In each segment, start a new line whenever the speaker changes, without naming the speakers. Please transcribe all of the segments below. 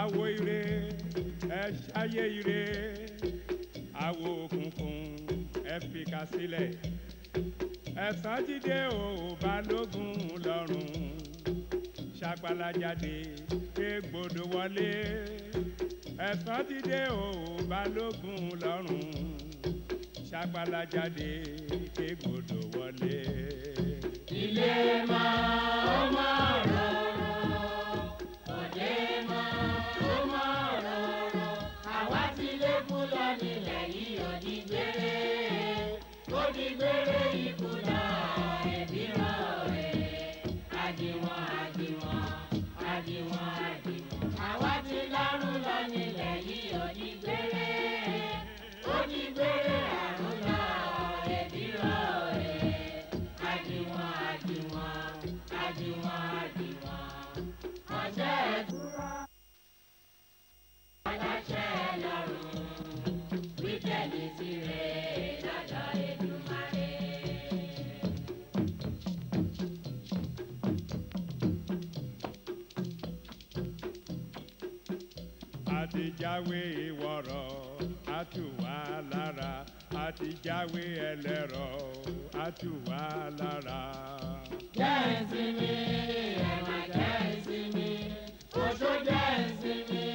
àwo ire ẹ ṣayé ire àwo òkùnkùn ẹ fìkà sílẹ̀ ẹ̀san jíde ò balógun lọ́rùn ṣàgbàlá jáde egbodò wọlé ẹ̀san jíde ò balógun lọ́rùn ṣàgbàlá jáde kégbodò wọlé. ilé máa ọmọ. ti jáwé ìwọ̀rọ̀ á tù wá lára á ti jáwé ẹlẹ́rọ̀ á tù wá lára. jẹ́ ìsinmi ẹ̀wà jẹ́ ìsinmi oṣó jẹ́ ìsinmi.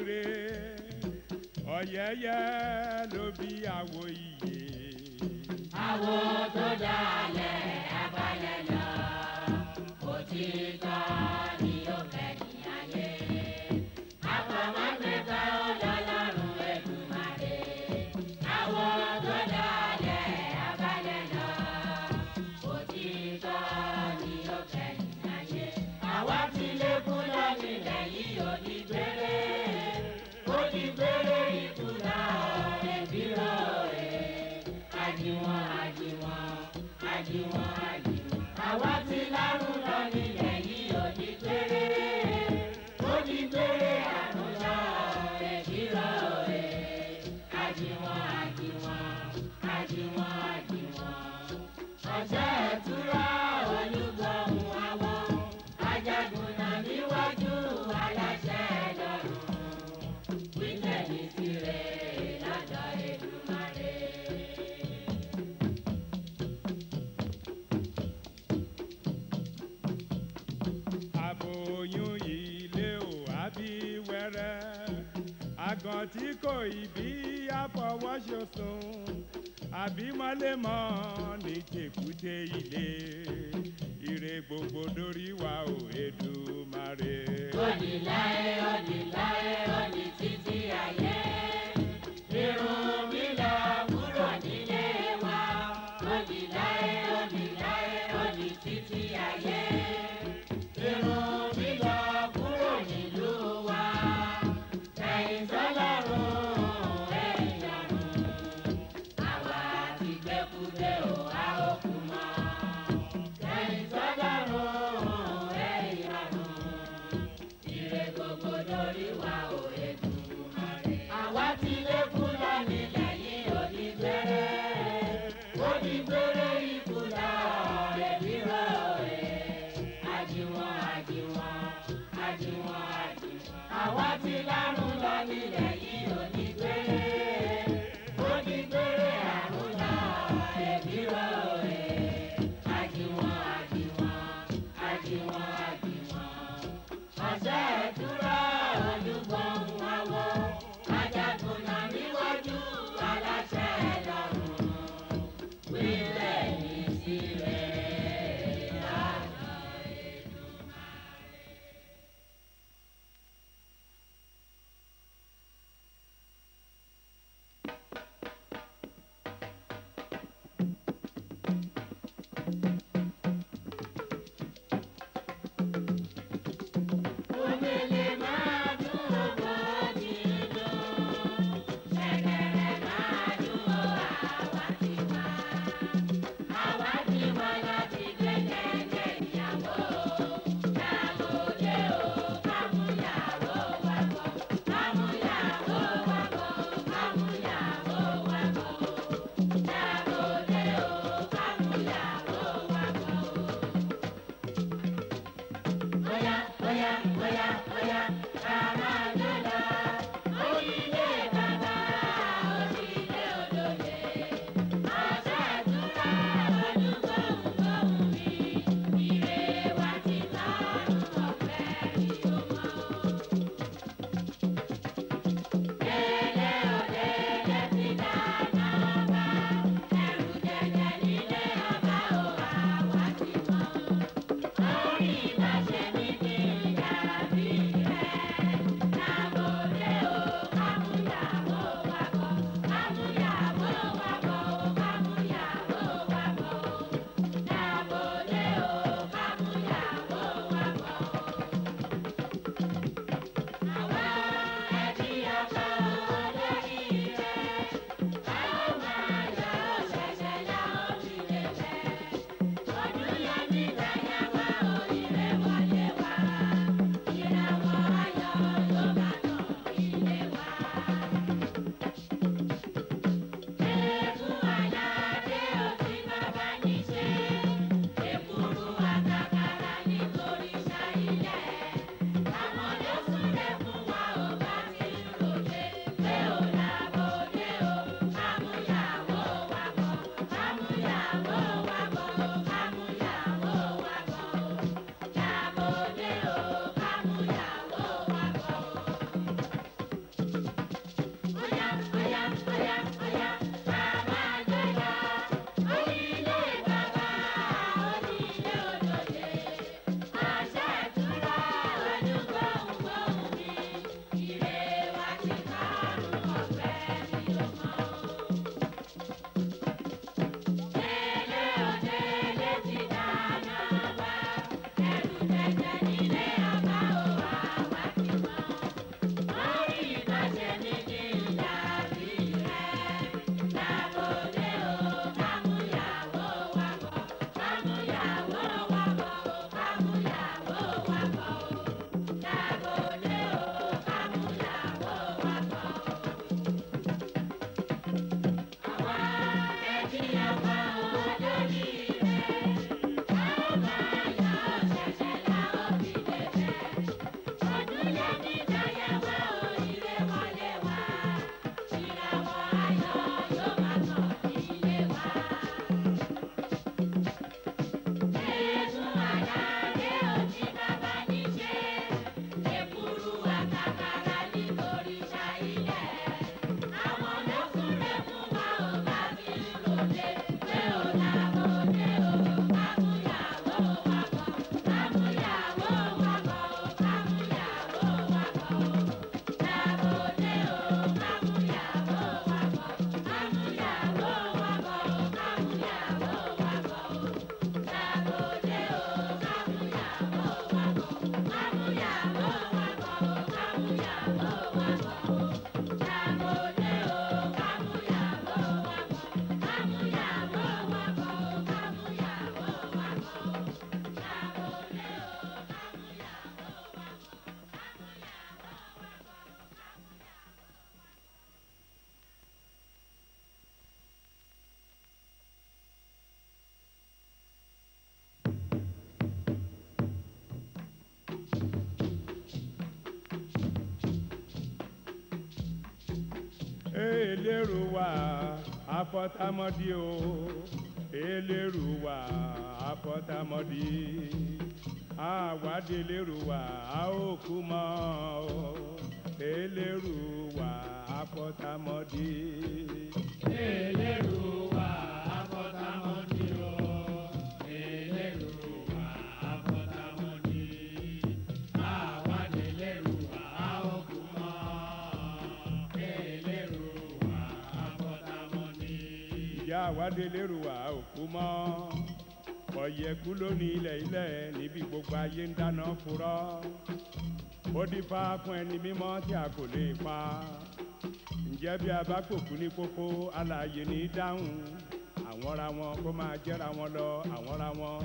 ire ọ̀yẹ́yẹ́ ló bí àwo ìyè. àwo tó dalẹ̀ abalẹ̀ lọ
òtítọ́.
èèyàn tí kò ì bí àfọwọ́sọsùn àbí mọ́lẹ́mọ́ ní tèkúté ilé ire gbogbo lórí wa ò Èdùmàrè. ó di láé ó di
títí ayé.
elérò wa afọ́támọ́dé o elérò wa afọ́támọ́dé àwádìí elérò wa a ó kú mọ́ ọ elérò wa afọ́támọ́dé. elérò wa. ìyá àwádé lérò wà òkú mọ́ ọ̀yẹ̀kú lónìí ilẹ̀ ilẹ̀ níbi gbogbo ayé ń dáná furọ́ ó dífá fún ẹni mímọ́ tí a kò lè pa ǹjẹ́ bí a bá pòkú ní kókó alààyè ní dáhùn àwọn ra wọn kó máa jẹ́ra wọn lọ àwọn ra wọn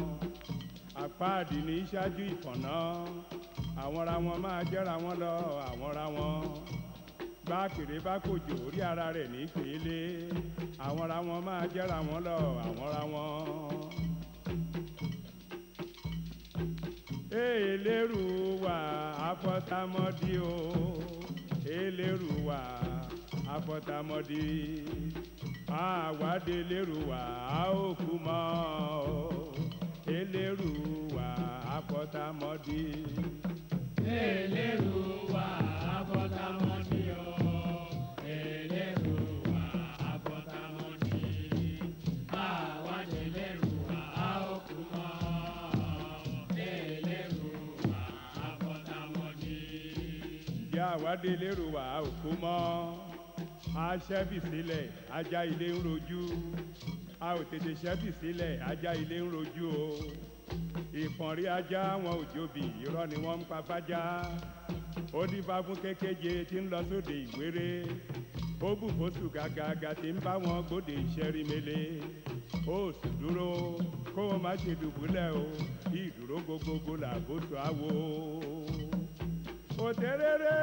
àpáàdì ní ṣáájú ìfọ̀nà àwọn ra wọn máa jẹ́ra wọn lọ àwọn ra wọn bá kéré bá kòjò orí ara rẹ̀ ní pèlè àwọn ra wọn máa jẹ́ra wọn lọ àwọn ra wọn. eléru wa afọtamọdí o eléru wa afọtamọdí àwádé lérò wà á ò kú mọ́ o eléru wa afọtamọdí. eléru
wa afọtamọdí.
àwádé lérò wà á òkú mọ́ a ṣẹ́bì sílẹ̀ ajá ilé ń rojú a ò tètè ṣẹ́bì sílẹ̀ ajá ilé ń rojú o ìpọ̀nrí ajá wọn ò jóbi irọ́ ni wọ́n ń pa bájá ó ní fáfún kékeje tí ń lọ sóde ìwéré ó bù kó sùn gàgàgà tí ń bá wọn gbòde ìṣẹ́rìmẹ́lẹ́ ó sì dúró kó o má ṣe dùbúlẹ̀ o ìdúró gbogbogbò làbóso àwo òtérèrè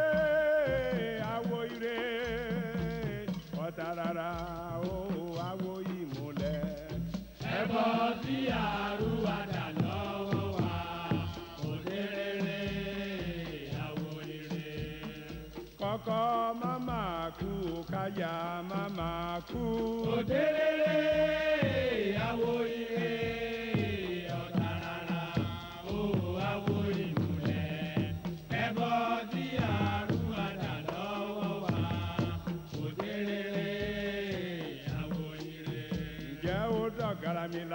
awo ire ọ̀tàràrà o awo ìmùlẹ̀. ẹbọ tí àrùwà dà lọ́wọ́
wa òtérèrè àwo ire.
kọ́kọ́ máma kú káyà máma kú. òtérèrè.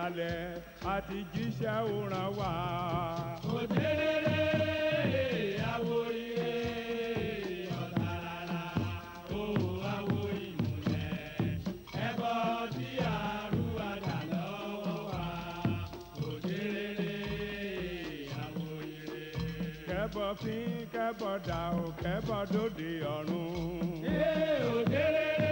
kalẹ̀ àti jíṣẹ́ òràn wá. òdèrèrè. kẹ́bọ̀fín kẹ́bọ̀dà ò kẹ́bọ̀dòdì ọ̀run. ẹ ò délé.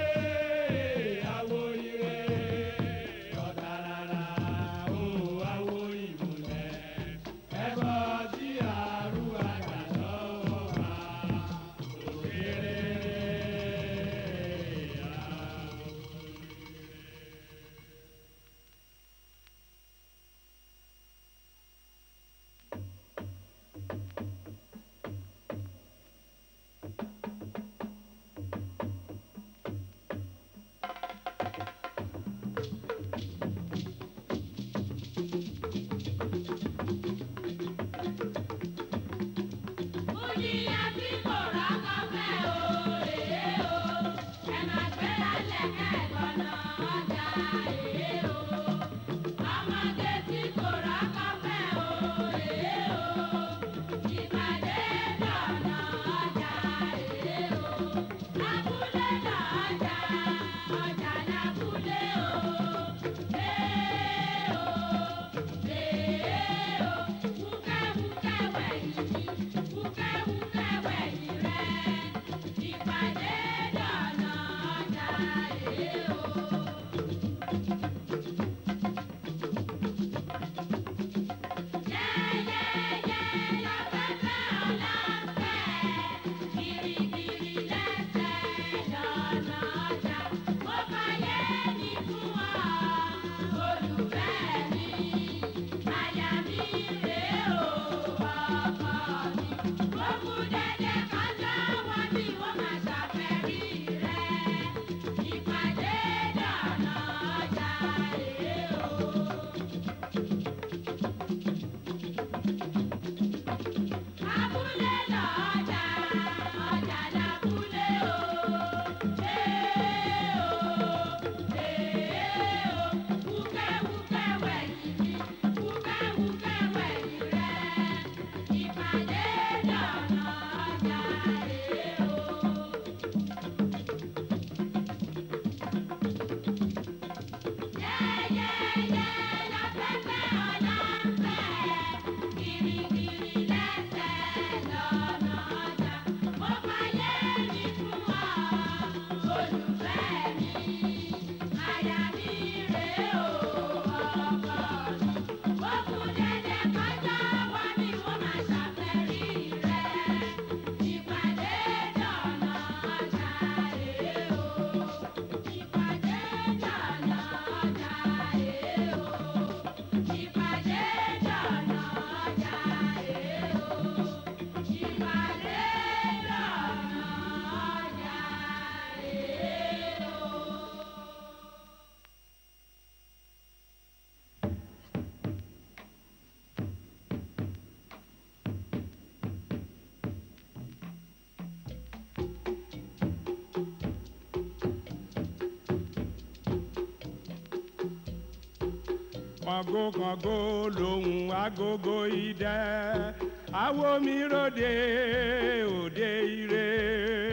kàngókàngó lòun agogo idẹ awo mi ròde òde ire.